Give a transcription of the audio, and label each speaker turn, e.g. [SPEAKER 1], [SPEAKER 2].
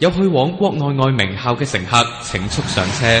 [SPEAKER 1] 有去往國外外名校嘅乘客，請速上車。